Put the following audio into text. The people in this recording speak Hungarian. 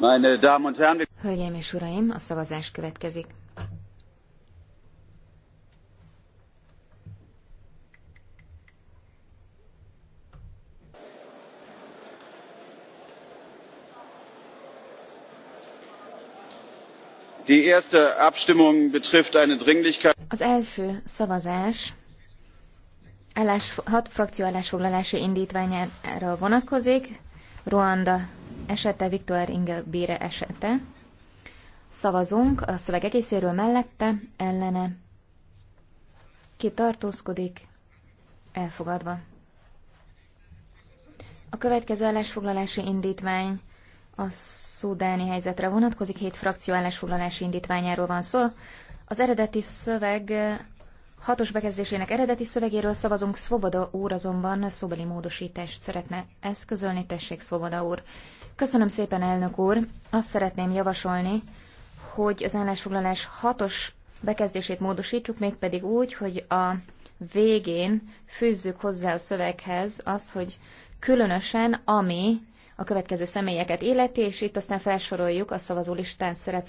Hölgyeim és uraim, a szavazás következik. Die erste Abstimmung betrifft eine Dringlichkeit. Az első szavazás állás, hat frakció állásfoglalási indítványára vonatkozik. Ruanda esete, Viktor Inge Bére esete. Szavazunk a szöveg egészéről mellette, ellene. Ki tartózkodik? Elfogadva. A következő állásfoglalási indítvány a szudáni helyzetre vonatkozik, hét frakció állásfoglalási indítványáról van szó. Az eredeti szöveg hatos bekezdésének eredeti szövegéről szavazunk, Svoboda úr azonban szóbeli módosítást szeretne eszközölni, tessék Svoboda úr. Köszönöm szépen, elnök úr. Azt szeretném javasolni, hogy az állásfoglalás hatos bekezdését módosítsuk, mégpedig úgy, hogy a végén fűzzük hozzá a szöveghez azt, hogy különösen ami a következő személyeket illeti, és itt aztán felsoroljuk a szavazólistán szereplő